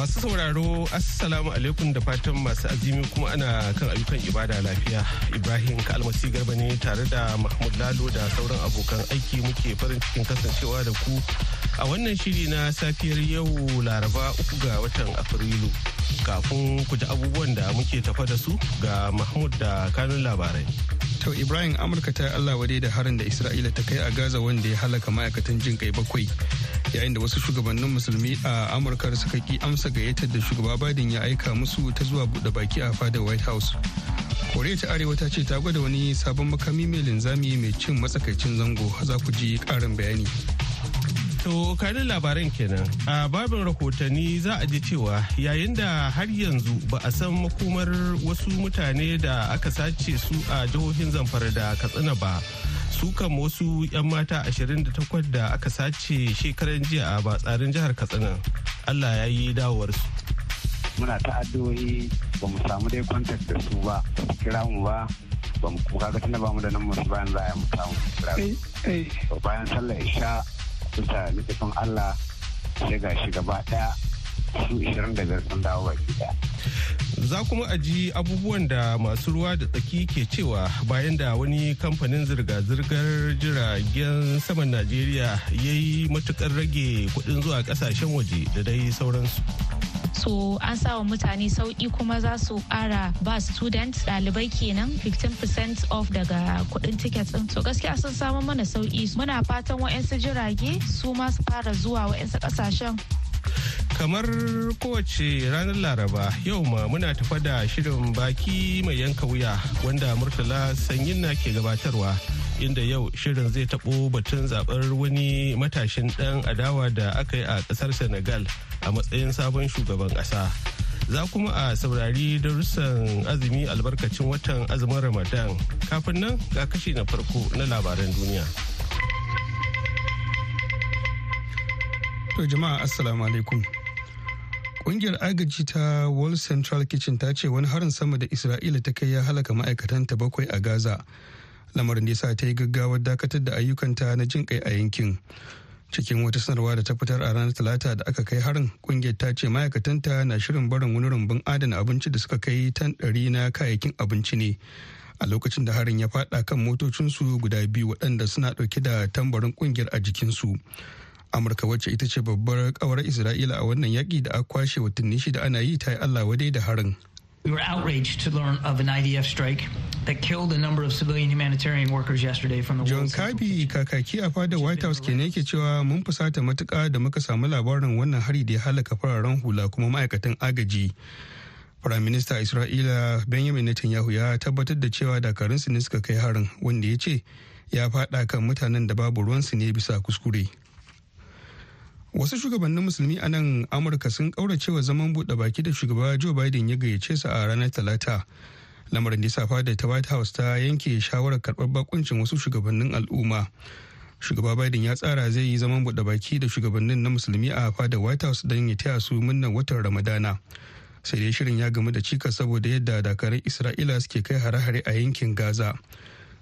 Masu sauraro Assalamu alaikum da fatan masu azumi kuma ana kan ayyukan ibada lafiya. Ibrahim Kalmasi Garba ne tare da Mahmud Lalo da sauran abokan aiki muke farin cikin kasancewa da ku a wannan shiri na safiyar yau Laraba uku ga watan Afrilu. Kafin ku ji abubuwan da muke tafa da su ga Mahmud da kanun labarai. To Ibrahim Amurka ta yi Allah wade da harin da Isra'ila ta kai a Gaza wanda ya halaka ma'aikatan jin kai bakwai. yayin da wasu shugabannin musulmi a amurka suka ki amsa gayyatar da shugaba biden ya aika musu ta zuwa buɗe baki a fadar white house korea ta arewa ta ce ta gwada wani sabon makami mai linzami mai cin matsakaicin zango za ku ji ƙarin bayani To kanin labaran kenan a babin rahotanni za a ji cewa yayin da har yanzu ba a san makomar wasu mutane da aka sace su a jihohin zamfara da katsina ba sukan wasu 'yan mata 28 da aka sace shekaran jiya a batsarin jihar katsina allah ya yi dawowarsu muna ta addu'o'i ba mu samu dai kwantar da su ba kira mu ba ba mu kuka ga tunda ba mu da nan musu bayan za a mu samu kira eh, eh. bayan sallar isha ta nufin allah sai ga shi gaba daya su 25 sun dawo Za kuma a abubuwan da masu ruwa da tsaki ke cewa bayan da wani kamfanin zirga-zirgar jiragen saman Najeriya ya yi matukar rage kuɗin zuwa ƙasashen waje da dai sauransu. so an sawa mutane sauki kuma za su kara ba student dalibai kenan 15% off daga kuɗin ticket din so gaskiya sun samu mana sauki muna fatan wa'yansu jirage su ma su fara zuwa wa'yansu ƙasashen. kamar kowace ranar laraba yau ma muna tafa da shirin baki mai yanka wuya wanda murtala sanyin na ke gabatarwa inda yau shirin zai taɓo batun zaɓar wani matashin ɗan adawa da aka yi a ƙasar senegal a matsayin sabon shugaban ƙasa za kuma a saurari darussan azumi albarkacin watan azumin ramadan kafin nan ga kashi na farko na labaran duniya to jama'a assalamu alaikum Ƙungiyar agaji ta World Central Kitchen ta ce wani harin sama da Isra'ila ta kai ya halaka ma'aikatanta bakwai a Gaza. Lamarin sa ta yi gaggawar dakatar da ayyukanta na jin kai a yankin. Cikin wata sanarwa da ta fitar a ranar Talata da aka kai harin, ƙungiyar ta ce ma'aikatanta na shirin barin wani rumbun adana abinci da suka kai tan ɗari na kayayyakin abinci ne. a lokacin da harin ya faɗa kan motocinsu guda biyu waɗanda suna ɗauke da tambarin ƙungiyar a jikinsu amurka wacce ita ce babbar kawar isra'ila a wannan yaƙi da a kwashe watanni shida ana yi ta yi allah wadai da harin We were outraged to learn of an IDF strike that killed a number of civilian humanitarian workers yesterday from the John Kirby kakaki a fada White House kenan yake cewa mun fusata matuka da muka samu labarin wannan hari da ya halaka fararen hula kuma ma'aikatan agaji. Firaminista Isra'ila Benjamin Netanyahu ya tabbatar da cewa su ne suka kai harin wanda ya ce ya fada kan mutanen da babu ruwan su ne bisa kuskure. wasu shugabannin musulmi a nan amurka sun kauracewa zaman buɗe baki da shugaba joe biden ya gayyace su a ranar talata lamarin da fada ta white house ta yanke shawarar karɓar bakuncin wasu shugabannin al'umma shugaba biden ya tsara zai yi zaman buɗe baki da shugabannin na musulmi a fada white house don ya taya su murnar watan ramadana sai dai shirin ya gamu da cika saboda yadda dakarun isra'ila suke kai hare-hare a yankin gaza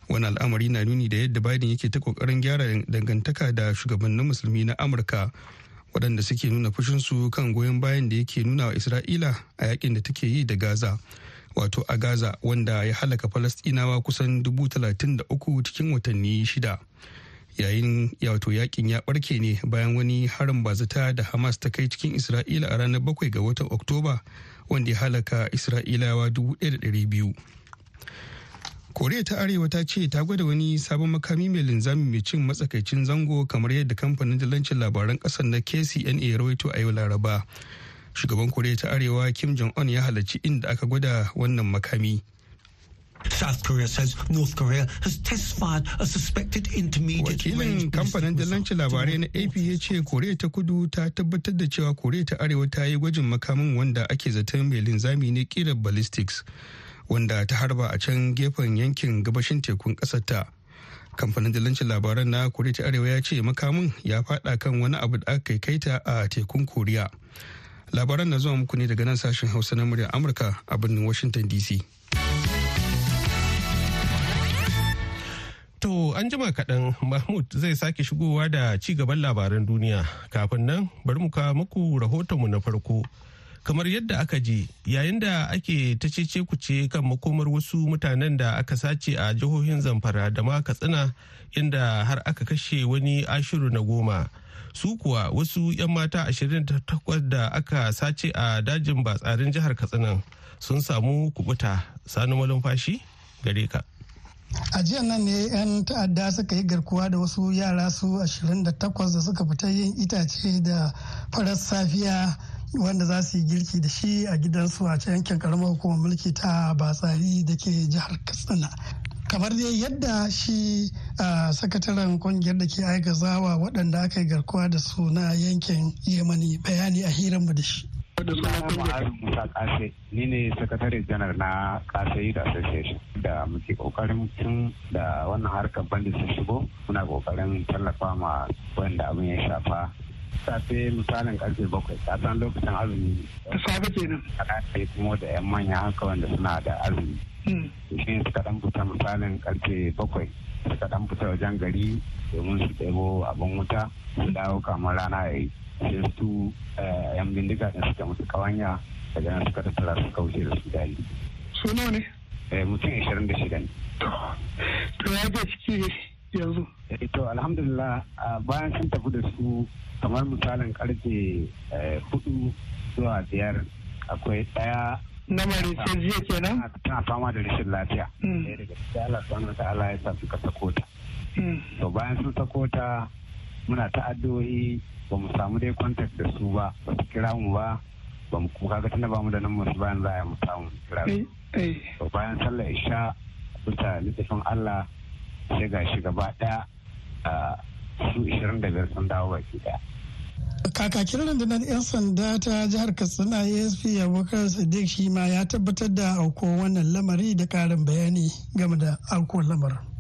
wani al'amari na nuni da yadda biden yake ta kokarin gyara dangantaka da shugabannin musulmi na amurka waɗanda suke nuna fushinsu kan goyon bayan da yake nuna wa isra'ila a yakin da take yi da gaza wato a gaza wanda ya halaka falastinawa kusan dubu da uku cikin watanni shida yayin wato yakin ya barke ne bayan wani harin bazata da hamas ta kai cikin isra'ila a ranar bakwai ga watan oktoba wanda ya halaka isra'ilawa dubu ɗari biyu koriya ta arewa ta ce ta gwada wani sabon makami mai linzami mai cin matsakaicin zango kamar yadda kamfanin dalancin labaran kasar na kcna rawaito a yau laraba shugaban koriya ta arewa kim jong-un ya halarci inda aka gwada wannan makami South Korea says North Korea has test fired a suspected intermediate Wakilin kamfanin dalancin labarai na AP ya ce Koriya ta kudu ta tabbatar da cewa Koriya ta arewa ta yi gwajin makamin wanda ake zaton mai linzami ne kirar ballistics wanda ta harba a can gefen yankin gabashin tekun ƙasarta ta kamfanin dalancin labaran na koriya ta arewa ya ce makamin ya fada kan wani abu da aka kai ta a tekun koriya labaran na zuwa muku ne daga nan sashen hausa na muryar amurka a birnin washington dc To an jima kaɗan Mahmud zai sake shigowa da ci gaban labaran duniya kafin nan bari mu kawo muku rahotonmu na farko. kamar yadda aka je yayin da ake ta cece kuce kan makomar wasu mutanen da aka sace a jihohin zamfara da ma katsina inda har aka kashe wani ashiru na goma su kuwa wasu 'yan mata 28 da aka sace a dajin batsarin jihar katsina sun samu kubuta sanu malumfashi gare ka a jiya nan ne 'yan ta'adda suka yi garkuwa da wasu yara su 28 da suka fita yin itace da farar safiya wanda za su yi girki da shi a gidansu a yankin karamar hukumar mulki ta batsari da ke jihar katsina kamar dai yadda shi sakataren kungiyar da ke aika zawa waɗanda aka yi garkuwa da su na yankin yemani bayani a mu da shi ni ne sakatare janar na kasayi da association da muke kokarin tun da wannan harkar bandit sun shigo muna kokarin tallafa ma wanda abin ya shafa safe misalin karfe bakwai a san lokacin azumi ta safe kenan a kuma da yan manya haka wanda suna da azumi hmm. shi suka dan fita misalin karfe bakwai suka dan fita wajen gari domin su ɗebo abin wuta su dawo kamar rana ya yi sai su yan eh, bindiga ɗin suka musu kawanya daga nan suka tattara su kauce da su dali. Suna ne? Eh, mutum da 26 ne. To, ya ga ciki ne. yanzu eh, to alhamdulillah bayan sun tafi da su kamar misalin karfe eh, hudu zuwa biyar akwai daya na marisa jiya kenan tana fama da rashin lafiya hmm. ɗaya daga cikin Allah subhanahu Allah ya sa suka sako ta hmm. to bayan sun sako ta muna ta addu'o'i ba mu samu dai kwantar da su ba ba su kira mu ba ba mu kuka ga tana ba mu da nan musu bayan za a mu samu kira eh, to bayan sallar isha mutane tafin Allah sai ga shi gaba ɗaya su 25 sun dawo baki ɗaya. kakakin rundunar 'yan sanda ta jihar katsina asp abokan sadiq shi ma ya tabbatar da auko wannan lamari da karin bayani game da auko lamarin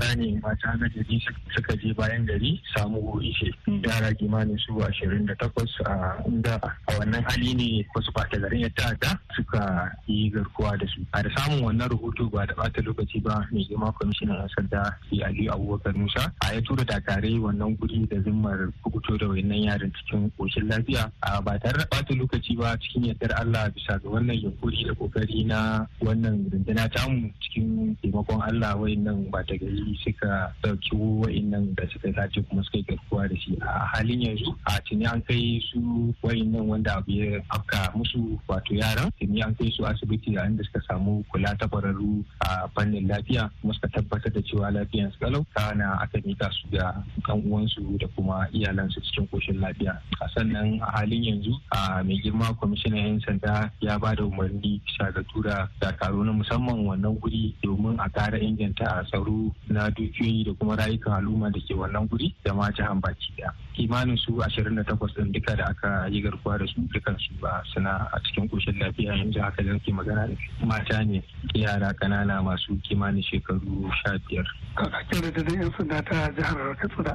yara ne mata na gari suka je bayan gari samu ishe hmm. yara kimanin su ashirin da takwas a inda a wannan hali ne wasu ɓata garin ya ta'ada suka yi garkuwa da su a da samun wannan rahoto ba da bata lokaci ba mai girma kwamishinan yan sanda aliyu ali abubakar musa a ya tura dakare wannan guri da zimmar kubuto da wannan yaran cikin koshin lafiya a ba tare da bata lokaci ba cikin yardar allah bisa ga wannan yunkuri da kokari na wannan rundunar tamu cikin taimakon allah wayannan ba ta gari yi suka ɗauki wa'innan da suka sace kuma suka yi garkuwa da shi a halin yanzu a tuni an kai su wa'innan wanda abu ya afka musu wato yaran tuni an kai su asibiti a inda suka samu kula ta kwararru a fannin lafiya kuma suka tabbatar da cewa lafiyan su kalau kana aka mika su ga kan uwansu da kuma iyalansu cikin koshin lafiya a sannan a halin yanzu a mai girma kwamishinan yan sanda ya ba da umarni bisa ga tura dakaru na musamman wannan guri domin a kara inganta tsaro na dukiyoyi da kuma rayukan al'umma da ke wannan guri da ma jihar baki daya kimanin su 28 din duka da aka yi garkuwa da su dukan su ba suna a cikin koshin lafiya yanzu haka da ke magana da mata ne yara kanana masu kimanin shekaru 15 kakakin da yan sanda ta jihar katsina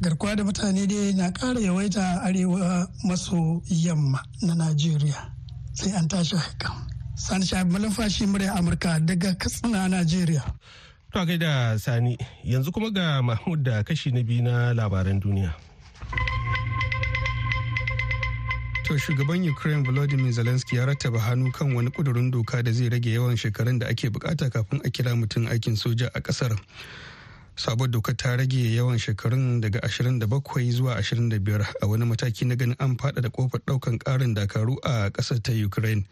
garkuwa da mutane dai na ƙara yawaita arewa maso yamma na najeriya sai an tashi hakan sani shabi malafashi murya amurka daga katsina najeriya To da Sani, yanzu kuma ga Mahmud da kashi na biyu na labaran duniya. To shugaban Ukraine Volodymyr Zelensky ya rattaba hannu kan wani kudurin doka da zai rage yawan shekarun da ake bukata kafin a kira mutum aikin soja a kasar. Sabon doka ta rage yawan shekarun daga 27 zuwa 25 a wani mataki na ganin an fada da kofar daukan karin dakaru a kasar ta Ukraine.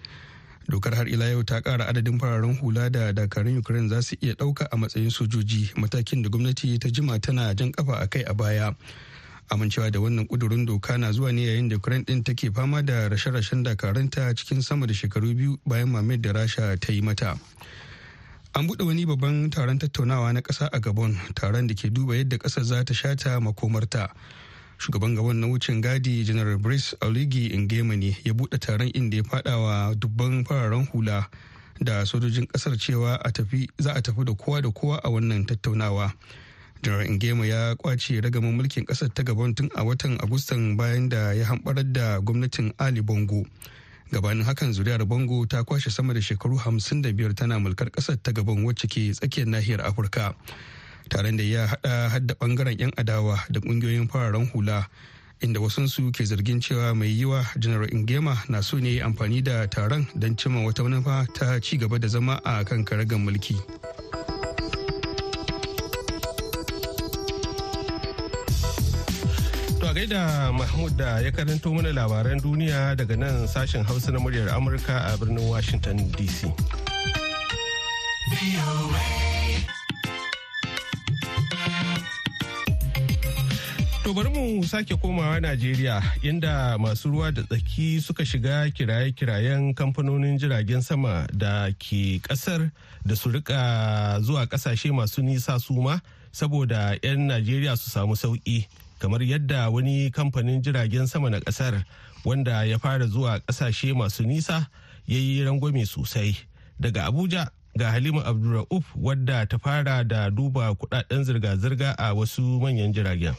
dokar har ila yau ta kara adadin fararen hula da dakarun ukraine za su iya dauka a matsayin sojoji matakin da gwamnati ta jima tana jan kafa a kai a baya amincewa da wannan kudurin doka na zuwa ne yayin da ukraine din take fama da rashe-rashen dakarunta cikin sama da shekaru biyu bayan mamayar da rasha ta yi mata an buɗe wani babban taron tattaunawa na ƙasa a gabon taron da ke duba yadda ƙasar za ta shata makomarta shugaban gaban na wucin gadi janar brice oligi ingema ne ya buɗe taron inda ya faɗawa dubban fararen hula da sojojin ƙasar cewa za a tafi da kowa da kowa a wannan tattaunawa janar ingema ya kwace ragaman mulkin ƙasar ta gaban tun a watan agustan bayan da ya hamɓarar da gwamnatin ali bongo gabanin hakan zuriyar bongo ta kwashe sama da shekaru 55 tana mulkar ƙasar ta gaban wacce ke tsakiyar nahiyar afirka taron da ya hada hadda bangaren 'yan adawa da kungiyoyin fararen hula inda wasansu ke zargin cewa mai yiwa general ingema na so ne amfani da taron don cimma wata manufa ta ci gaba da zama a kan karagar mulki gaida mahmud da ya karanto mana labaran duniya daga nan sashen hausa na muryar amurka a birnin washington dc. To bari mu sake komawa Najeriya inda masu ruwa da tsaki suka shiga kiraye-kirayen kamfanonin jiragen sama da ke kasar da su rika zuwa kasashe masu nisa suma saboda 'yan Najeriya su samu sauki kamar yadda wani kamfanin jiragen sama na kasar wanda ya fara zuwa kasashe masu nisa ya yi rangwame sosai. Daga Abuja ga Halima Abdulra'uf wadda ta fara da duba kudaden zirga-zirga a wasu manyan jiragen.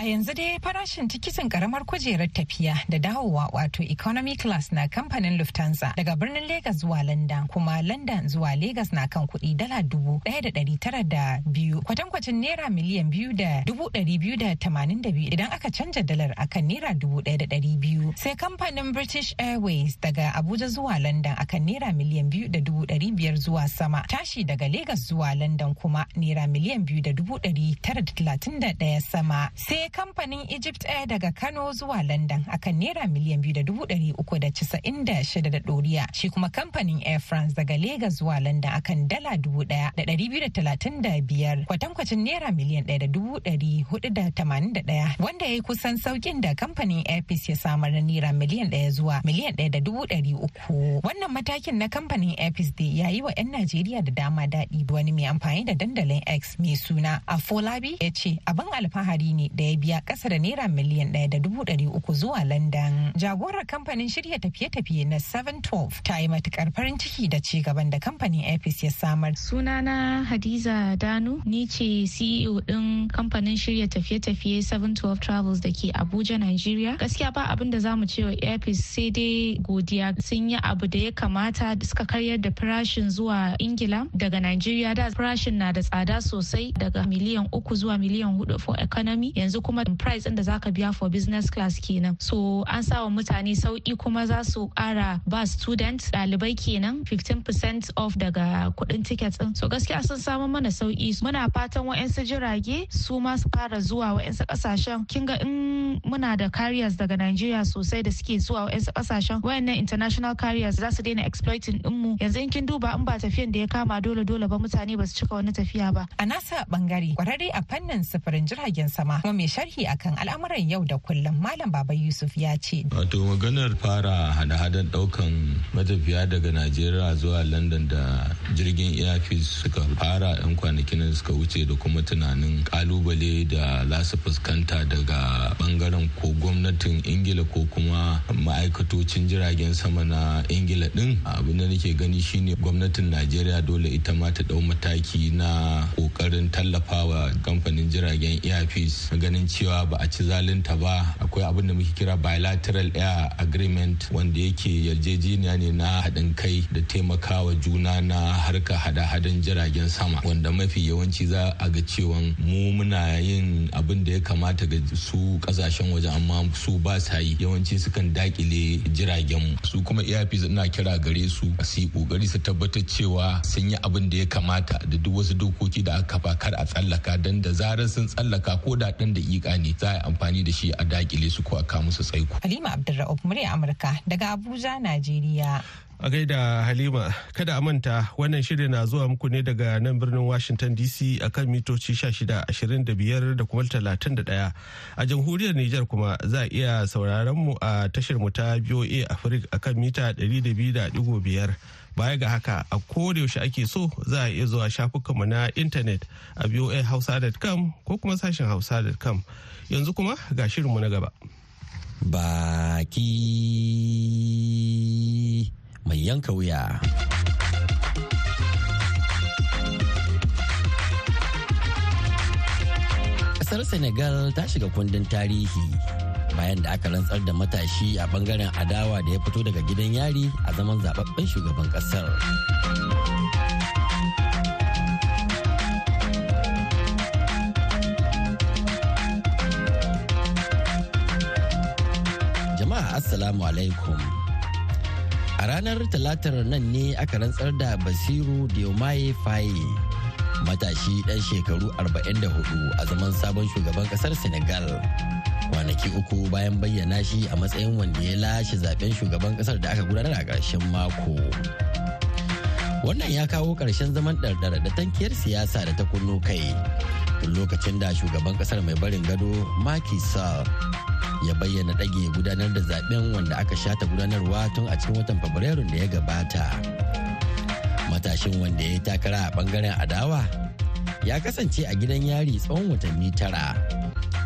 A yanzu dai farashin tikitin karamar kujerar tafiya da dawowa wato economy class na kamfanin Lufthansa daga birnin Legas zuwa London kuma London zuwa Legas na kan kudi dala dubu ɗaya da ɗari tara da biyu kwatankwacin naira miliyan biyu da dubu ɗari biyu da tamanin da biyu idan aka canja dalar akan naira dubu ɗaya da ɗari biyu sai kamfanin British Airways daga Abuja zuwa London akan naira miliyan biyu da dubu ɗari biyar zuwa sama tashi daga Legas zuwa London kuma naira miliyan biyu da dubu ɗari tara da talatin da ɗaya sama sai kamfanin Egypt Air daga Kano zuwa London akan naira miliyan biyu da dubu ɗari uku da casa'in da shida da ɗoriya. Shi kuma kamfanin Air France daga Legas zuwa London akan dala dubu ɗaya da ɗari biyu da talatin da biyar kwatankwacin naira miliyan ɗaya da dubu ɗari hudu da tamanin da ɗaya wanda ya yi kusan saukin da kamfanin Air ya samar na naira miliyan ɗaya zuwa miliyan ɗaya da dubu ɗari uku. Wannan matakin na kamfanin Air Peace dai ya yi wa 'yan Najeriya da dama daɗi wani mai amfani da dandalin X mai suna Afolabi ya ce abin alfahari ne da ya biya kasa da naira miliyan ɗaya da dubu ɗari uku zuwa London. Jagorar kamfanin shirya tafiye-tafiye na 712 ta yi matukar farin ciki da ci gaban da kamfanin APIS ya samar. Sunana Hadiza Danu ni ce CEO din kamfanin shirya tafiye-tafiye 712 Travels da ke Abuja, Nigeria. Gaskiya ba abin da za mu ce wa APIS sai dai godiya sun yi abu da ya kamata suka karyar da farashin zuwa Ingila daga Nigeria da farashin na da tsada sosai daga miliyan uku zuwa miliyan hudu for economy yanzu kuma price ɗin da zaka biya for business class kenan so an sa wa mutane sauki kuma za su ƙara ba student ɗalibai kenan 15% off daga kuɗin ticket ɗin so gaskiya sun samu mana sauki muna fatan wa'yansu jirage su ma su fara zuwa wa'yansu ƙasashen kin ga in muna da carriers daga nigeria sosai da suke zuwa wa'yansu ƙasashen wayannan international carriers za su daina exploiting mu. yanzu in kin duba in ba tafiyan da ya kama dole dole ba mutane ba su cika wani tafiya ba a nasa bangare kwararre a fannin sufurin jiragen sama kuma mai sharhi akan al'amuran yau da kullum Malam Baba Yusuf ya ce. Wato maganar fara hada-hadar daukan matafiya daga Najeriya zuwa London da jirgin Airpeace suka fara 'yan kwanakin suka wuce da kuma tunanin kalubale da za su fuskanta daga bangaren ko gwamnatin Ingila ko kuma ma'aikatocin jiragen sama na Ingila din abin da nake gani shine gwamnatin Najeriya dole ita ma ta dau mataki na kokarin tallafawa kamfanin jiragen Airpeace ganin ganin cewa ba a ci zalunta ba akwai abin da muke kira bilateral air agreement wanda yake yarjejeniya ne na haɗin kai da taimakawa juna na harka hada-hadan jiragen sama wanda mafi yawanci za a ga cewa mu muna yin abin da ya kamata ga su kasashen waje amma su ba sa yi yawanci sukan dakile jiragen mu su kuma airpeace ina kira gare su su kokari su tabbatar cewa sun yi abin da ya kamata da duk wasu dokoki da aka kafa kar a tsallaka dan da zarar sun tsallaka ko da dan da hakika ne za a yi amfani da shi a dakile su ko a kawo musu tsaiko. Halima Abdulra'uf murya Amurka daga Abuja, Najeriya. A gaida Halima, kada a manta wannan shirin na zuwa muku ne daga nan birnin Washington DC akan mitoci ashirin da kuma 31. A jamhuriyar Nijar kuma za a iya sauraron mu a tashar mu ta BOA Africa akan mita 200.5. baya ga haka a yaushe ake so za a iya zuwa shafukanmu na intanet a voahausa.com ko kuma sashen hausa.com yanzu kuma ga shirinmu na gaba baki mai yanka wuya Ƙasar senegal ta shiga kundin tarihi bayan da aka rantsar da matashi a bangaren adawa da ya fito daga gidan yari a zaman zababben shugaban kasar. Jama'a Assalamu alaikum. A ranar talatar nan ne aka rantsar da Basiru Diomaye Faye. Matashi ɗan shekaru 44 a zaman sabon shugaban ƙasar Senegal. kwanaki uku bayan bayyana shi a matsayin wanda ya lashe zaben shugaban kasar da aka gudanar a ƙarshen mako. Wannan ya kawo ƙarshen zaman ɗarɗar da tankiyar siyasa da ta kunno kai. Tun lokacin da shugaban kasar mai barin gado Macky Sall ya bayyana ɗage gudanar da zaben wanda aka shata gudanarwa tun a cikin watan Fabrairu da ya gabata. Matashin wanda ya yi takara a ɓangaren adawa ya kasance a gidan yari tsawon watanni tara.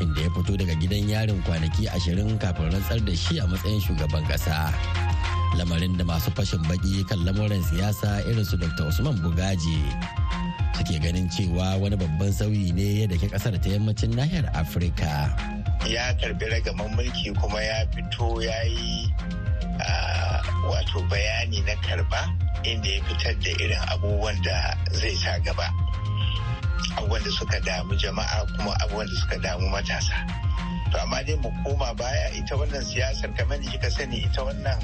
inda ya fito daga gidan yarin kwanaki ashirin kafin rantsar da shi a matsayin shugaban kasa, lamarin da masu fashin baki kan lamarin siyasa irin su dr usman bugaji suke ganin cewa wani babban sauyi ne ya dake ƙasar ta yammacin nahiyar afirka ya karbi ragaman mulki kuma ya fito ya yi wato bayani na karba inda ya fitar da irin abubuwan da zai sa gaba abubuwan da suka damu jama'a kuma abubuwan da suka damu matasa to amma dai mu koma baya ita wannan siyasar kamar da kika sani ita wannan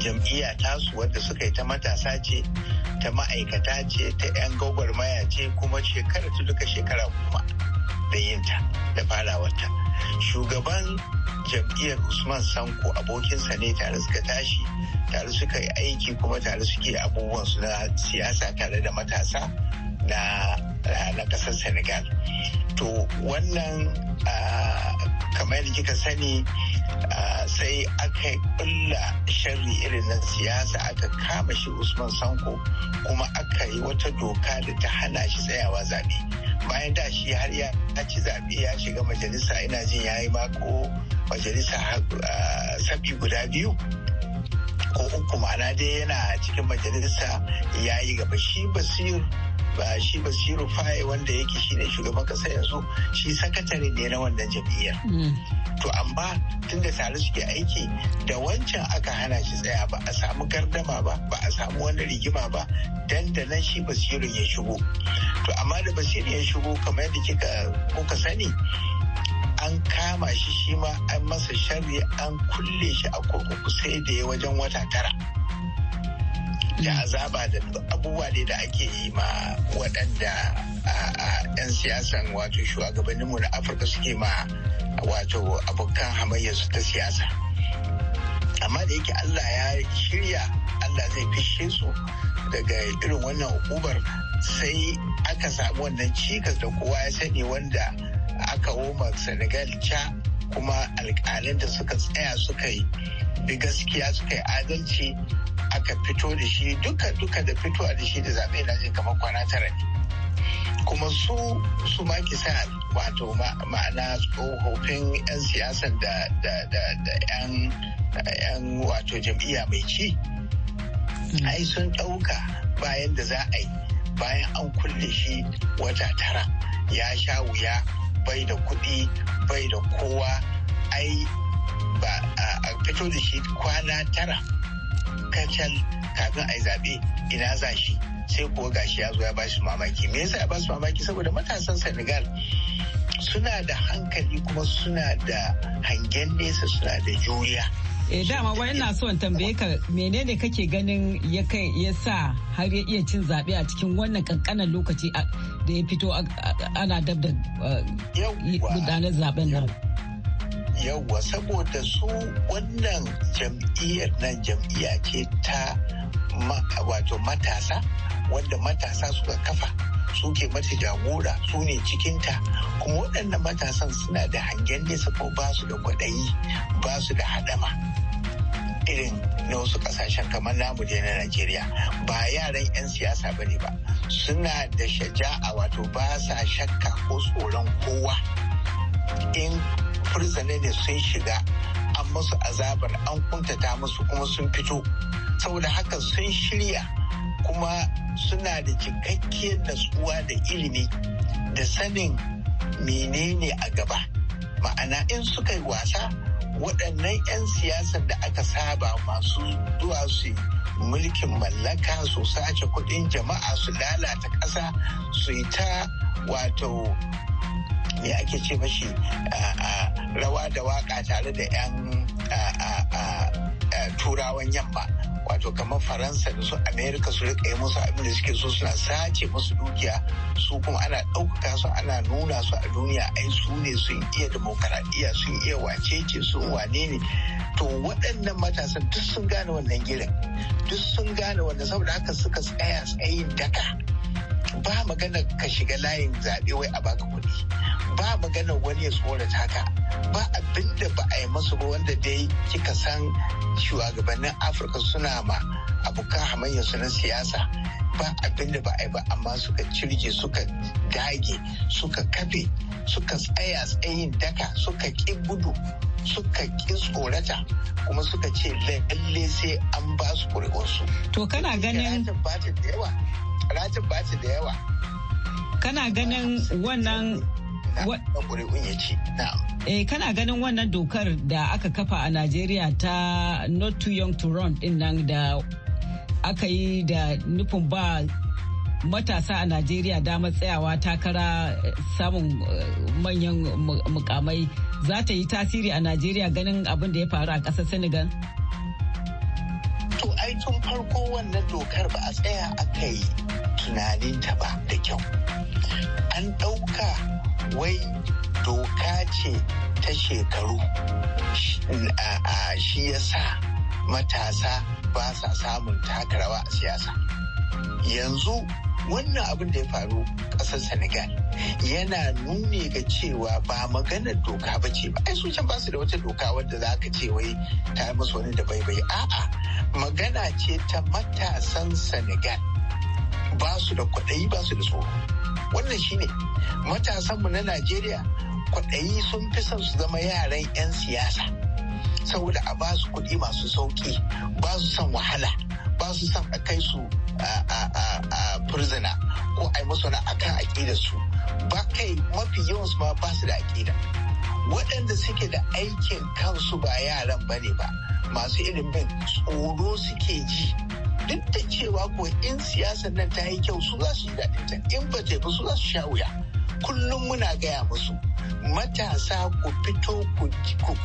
jam'iyya tasu wadda suka yi ta matasa ce ta ma'aikata ce ta 'yan gwagwarmaya ce kuma shekara ta duka shekara kuma da yinta da farawarta shugaban jam'iyyar usman sanko abokinsa ne tare suka tashi tare suka yi aiki kuma tare suke abubuwan su na siyasa tare da matasa na na kasar senegal to wannan kamar yadda kika sani sai aka ƙulla sharri irin na siyasa aka kama shi usman sanko kuma aka yi wata doka da ta hana shi tsayawa zaɓe bayan da shi har ya ci zaɓe ya shiga majalisa ina jin ya yi mako majalisa sabi guda biyu ko uku ma'ana dai yana cikin majalisa ya yi gaba shi basir ba shi basiru faye wanda yake shi ne shugaban kasa yanzu shi sakatare ne na wannan jam'iyyar mm. to amma tun da tare suke aiki da wancan aka hana shi tsaya ba a samu gardama ba ba a samu wani rigima ba dandanan shi basiru ya shigo to amma da basiru ya shigo kamar yadda kika kuka sani an kama shi shi ma an masa sharri an kulle shi a kurkuku sai da ya wajen wata tara da azaba da abubuwa ne da ake yi ma waɗanda yan siyasan wato shugabanninmu na afirka suke ma wato abokan su ta siyasa amma da yake allah ya shirya allah zai fishe su daga irin wannan hukumar sai aka samu wannan cikas da kowa ya sani wanda aka woma senegal ca kuma alƙalin da suka tsaya suka yi bi gaskiya suka yi adalci aka fito da shi duka duka da fitowa da shi da zaɓe na jin kamar kwana tara ne kuma su su ma sa wato ma'ana tsohofin 'yan siyasar da da 'yan wato jam'iyya mai ci mm. ai sun ɗauka bayan da za a yi bayan an kulle shi wata tara ya sha wuya bai da kuɗi bai da kowa ai ba a fito da shi kwana tara kacal kafin a yi zaɓe ina za shi sai kuwa gashi ya zo ya bashi mamaki me yasa ya basu mamaki saboda matasan senegal suna da hankali kuma suna da hangen nesa suna da juriya eh dama wai ina so in tambaye ka menene kake ganin ya kai ya sa har ya iya cin zaɓe a cikin wannan kankanan lokaci da ya fito ana dab da eh, gudanar zaben nan yawwa saboda su wannan jam'iyyar nan jam'iyya ce ta wato matasa wanda matasa suka kafa su ke mace jagora su ne cikinta kuma waɗannan matasan suna da hangen nesa ko ba da kwaɗayi basu da haɗama irin na wasu ƙasashen kamar namu da na Najeriya ba yaran 'yan siyasa bane ne ba suna da shaja'a wato ba sa shakka ko tsoron kowa in furzane ne sun shiga an musu azabar an kuntata musu kuma sun fito saboda haka sun shirya kuma suna da cikakkiyar natsuwa da ilimi da sanin menene a gaba ma'ana in suka yi wasa waɗannan 'yan siyasar da aka saba masu zuwa su mulkin mallaka su sace kuɗin jama'a su lalata ƙasa su yi ta wato me ake ce mashi rawa da waƙa tare da 'yan turawan yamma wato kamar faransa da su america su rika yi musu abin da suke so suna sace musu dukiya su kuma ana ɗaukaka su ana nuna su a duniya ai su ne sun iya demokaradiyya sun iya wacece sun wane ne to waɗannan matasan duk sun gane wannan girin duk sun gane wannan saboda haka suka tsaya tsayin daka ba magana ka shiga layin zaɓe wai a baka kuɗi ba magana wani ya tsorata taka ba abinda ba a yi masu ba wanda dai kika san shugabannin afirka suna ma abokan hamayyarsu na siyasa ba abin da ba a yi ba amma suka cirje suka dage suka kafe suka tsaya tsayin daka suka ƙi gudu suka ƙi tsorata kuma suka ce lalle sai an ba su ƙuri'unsu. To kana ganin ratin ba da yawa. Kana ganin wannan eh, kana ganin wannan dokar da aka kafa a Najeriya ta not too young to run din nan da aka yi da nufin ba matasa a najeriya damar tsayawa takara samun eh, manyan mukamai za ta yi tasiri a najeriya ganin abin da ya faru a ƙasar senegal to ai tun farko wannan dokar ba a tsaya aka yi tunanin ta ba da kyau an ɗauka wai doka ce ta shekaru shi ya sa matasa ba sa samun taka rawa a siyasa yanzu wannan abin da ya faru ƙasar senegal yana nuni ga cewa ba maganar doka ba ce ba ai ba su da wata doka wadda za ka ce wai ta yi musu wani da bai bai a'a magana ce ta matasan senegal ba su da kwaɗayi ba su da tsoro wannan shi shine matasanmu na najeriya kwaɗayi sun fi son su zama yaran 'yan siyasa saboda a ba su kuɗi masu sauƙi ba su son wahala ba su son a kai su a furzina ko a yi masu na akan aƙida su ba kai mafi yawan su ma ba su da aƙida waɗanda suke da aikin kansu ba yaran ba ne ba masu irin ilimin tsoro suke ji duk da cewa ko in siyasar nan ta yi kyau su za su yi daɗin ta in ba ta yi ba su za su sha wuya kullum muna gaya musu matasa ku fito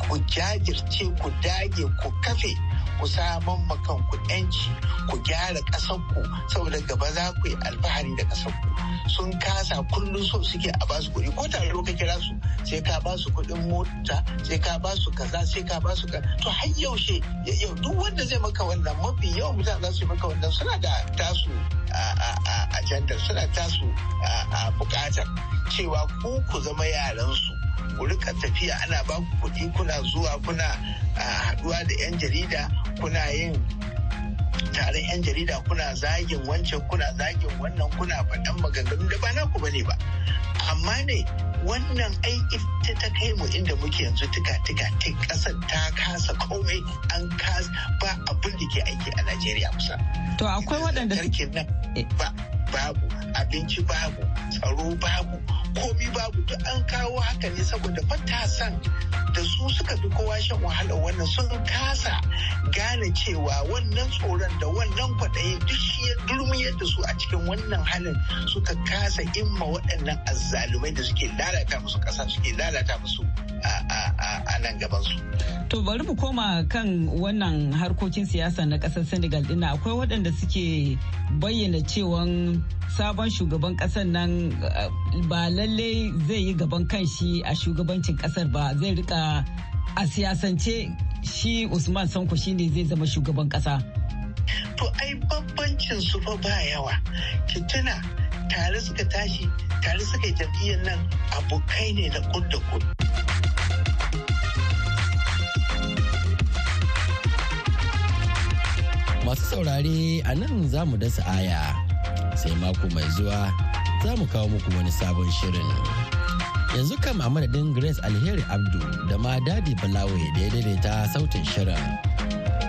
ku jajirce ku dage ku kafe ku saman makan ku yanci ku gyara ƙasarku saboda gaba za ku yi alfahari da ƙasarku sun kasa kullum so suke a basu kuɗi ko tare ka kira su sai ka basu kuɗin mota sai ka basu kaza sai ka basu ka to har yaushe yau duk wanda zai maka wannan mafi yawan mutane za su yi maka wannan suna da tasu ajandar suna tasu bukatar cewa ku ku zama yaran su ku rika tafiya ana ba ku kuɗi kuna zuwa kuna ah, haɗuwa da 'yan jarida kuna yin taron 'yan jarida kuna zagin wancan kuna zagin wannan kuna faɗan maganganu da ba naku bane ba amma ne wannan aiki ta ta kai mu inda muke yanzu tika tika ta kasar ta kasa komai an kasa ba abin da ke aiki a Najeriya kusa. To akwai waɗanda eh. ba babu abinci babu tsaro babu komi babu duk an kawo haka ne saboda matasan da su suka fi kowa shan wahala wannan sun kasa gane cewa wannan tsoron da wannan kwaɗayin duk shi ya da su a cikin wannan halin suka kasa imma waɗannan azzalumai da suke lalata musu ƙasa suke lalata musu a nan gaban su. To bari mu koma kan wannan harkokin siyasa na ƙasar Senegal ɗina akwai waɗanda suke bayyana cewa sabon shugaban ƙasar nan ba lalle zai yi gaban kanshi a shugabancin kasar ba zai rika a siyasance shi usman sanko shine zai zama shugaban kasa to ai babbancin su fa ba yawa tuna tare suka tashi tare suka yi jam'iyyar nan abokai ne da kud da masu saurare a nan za mu dasa aya sai mako mai zuwa za mu kawo muku wani sabon shirin. Yanzu kam a madadin Grace Alheri Abdu da ma Dadi Balawe da ya daidaita sautin shirin.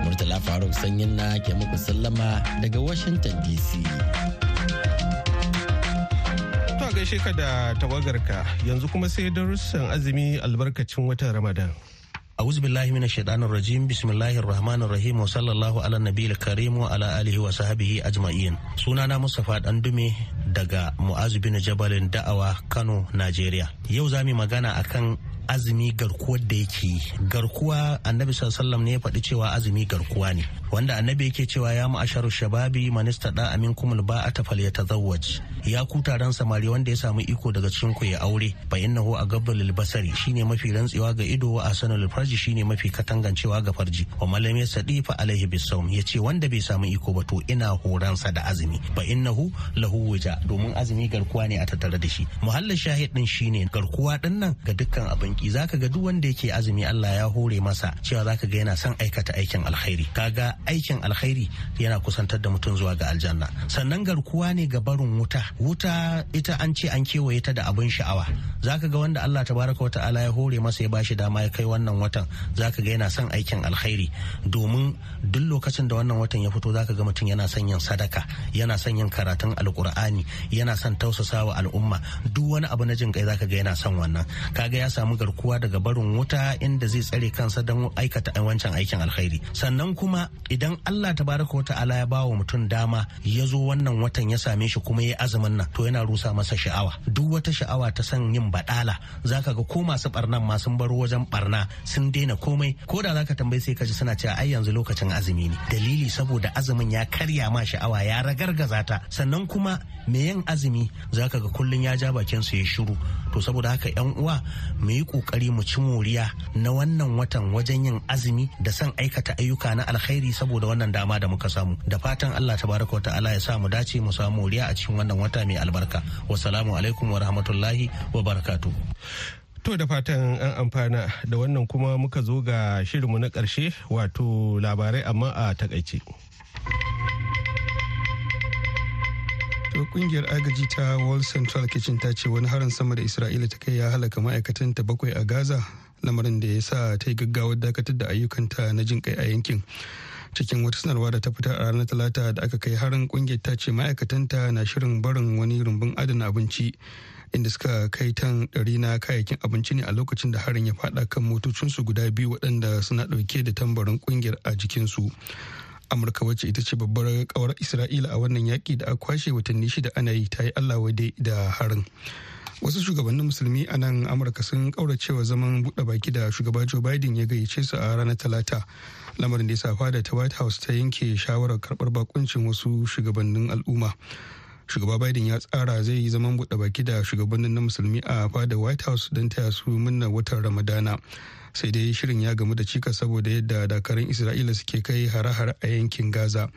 Murtala Faruk Sanyin na ke muku sallama daga Washington DC. To gaishe ka da tawagarka yanzu kuma sai darussan azumi albarkacin watan Ramadan. a'udhu billahi minash shaitanir rajim bismillahir rahmanir rahim sallallahu ala nabiyil karim wa ala alihi wa sahbihi ajma'in sunana mustafa dan dume daga mu'azu bin jabalin da'awa Kano Najeriya yau zamu magana akan azumi garkuwar da yake garkuwa annabi sallallahu ne ya faɗi cewa azumi garkuwa ne wanda annabi yake cewa ya ma'asharu shababi manista da amin kumul ba a tafal ya tazawwaj ya kuta ran samari wanda ya samu iko daga cikin ku ya aure fa innahu a gabbal basari shine mafi rantsewa ga ido wa asanul farji shine mafi katangancewa ga farji wa malami ya fa alaihi bisawm yace wanda bai samu iko ba to ina horansa da azumi fa innahu lahu waja domin azumi garkuwa ne a tattare da shi muhallin shahid din shine garkuwa din nan ga dukkan abin ki zaka ga duk wanda yake azumi Allah ya hore masa cewa zaka ga yana son aikata aikin alkhairi kaga aikin alkhairi yana kusantar da mutum zuwa ga aljanna sannan garkuwa ne ga barin wuta wuta ita an ce an kewaye ta da abin sha'awa zaka ga wanda Allah tabaraka wata'ala ya hore masa ya bashi dama ya kai wannan watan zaka ga yana son aikin alkhairi domin duk lokacin da wannan watan ya fito zaka ga mutum yana son yin sadaka yana son yin karatun alkur'ani yana son tausasawa al'umma duk wani abu na jin kai zaka ga yana son wannan kaga ya samu garkuwa daga barin wuta inda zai tsare kansa don aikata wancan aikin alkhairi sannan kuma idan Allah ta baraka wa ta'ala ya bawa mutum dama ya zo wannan watan ya same shi kuma ya azumin nan to yana rusa masa sha'awa duk wata sha'awa ta san yin badala zaka ga ko masu barnan ma sun baro wajen barna sun daina komai ko da zaka tambayi sai ka ji suna cewa ai yanzu lokacin azumi ne dalili saboda azumin ya karya ma sha'awa ya ragargaza ta sannan kuma me yin azumi zaka ga kullum ya ja bakin su ya shiru to saboda haka yan uwa mu yi kokari mu ci moriya na wannan watan wajen yin azumi da san aikata ayyuka na alkhairi saboda wannan dama da muka samu da fatan Allah ta wata ta'ala ya sa mu dace mu samu riya a cikin wannan wata mai albarka wasalamu alaikum wa rahmatullahi wa barakatu. To da fatan an amfana da wannan kuma muka zo ga shirinmu na karshe wato labarai amma a takaice. To kungiyar agaji ta Wall Central Kitchen ta ce wani harin sama da Isra'ila ta kai ya halaka ma'aikatan ta bakwai a Gaza lamarin da ya sa ta yi gaggawar dakatar da ayyukanta na jin kai a yankin. cikin wata sanarwa da ta fita a ranar talata da aka kai harin kungiyar ta ce ma'aikatanta na shirin barin wani rumbun adana abinci inda suka kai tan ɗari na kayayyakin abinci ne a lokacin da harin ya faɗa kan motocinsu guda biyu waɗanda suna ɗauke da tambarin kungiyar a jikinsu amurka wacce ita ce babbar kawar isra'ila a wannan yaki da a kwashe watanni shida ana yi ta yi allah wade da harin wasu shugabannin musulmi a nan amurka sun kauracewa zaman buɗe baki da shugaba joe biden ya gayyace su a ranar talata lamarin da ya safa da ta white house ta yanke shawarar karbar bakuncin wasu shugabannin al'umma shugaba biden ya tsara zai yi zaman buɗe baki da shugabannin na musulmi a fada white house don ta su munna watan ramadana sai dai shirin ya gamu da cika saboda yadda dakarun isra'ila suke kai hare-hare a yankin gaza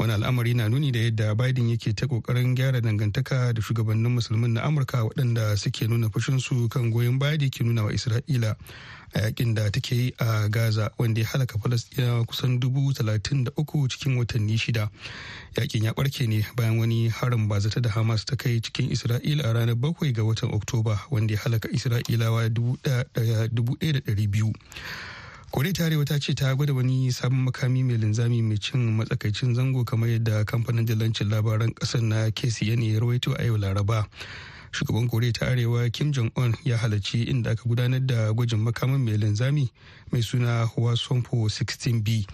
wani al'amari na nuni da yadda biden yake ta kokarin gyara dangantaka da shugabannin musulmin na amurka waɗanda suke nuna su kan goyon baya da ke nuna wa isra'ila a yakin da take yi a gaza wanda ya halaka falastina kusan dubu talatin da uku cikin watanni shida yakin ya barke ne bayan wani harin bazata da hamas ta kai cikin isra'ila a ranar bakwai ga watan oktoba wanda ya halaka isra'ilawa dubu ɗaya da ɗari biyu kore ta arewa ta ce ta gwada wani sabon makami mai linzami mai cin matsakaicin zango kamar yadda kamfanin dalancin labaran kasar na kcn ya rawaito a yau laraba shugaban kore ta arewa kim jong un ya halarci inda aka gudanar da gwajin makamin mai linzami mai suna hwasompo 16b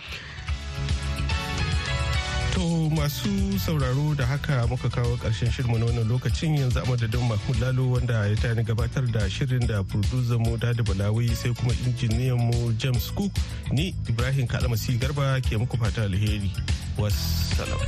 masu sauraro da haka muka kawo karshen shirma na wannan lokacin yanzu a madadin Mahmud Lalo wanda ya tani gabatar da shirin da producer mu da Balawi sai kuma injiniyan mu James Cook ni Ibrahim Kalamasi Garba ke muku fata alheri. Wassalam.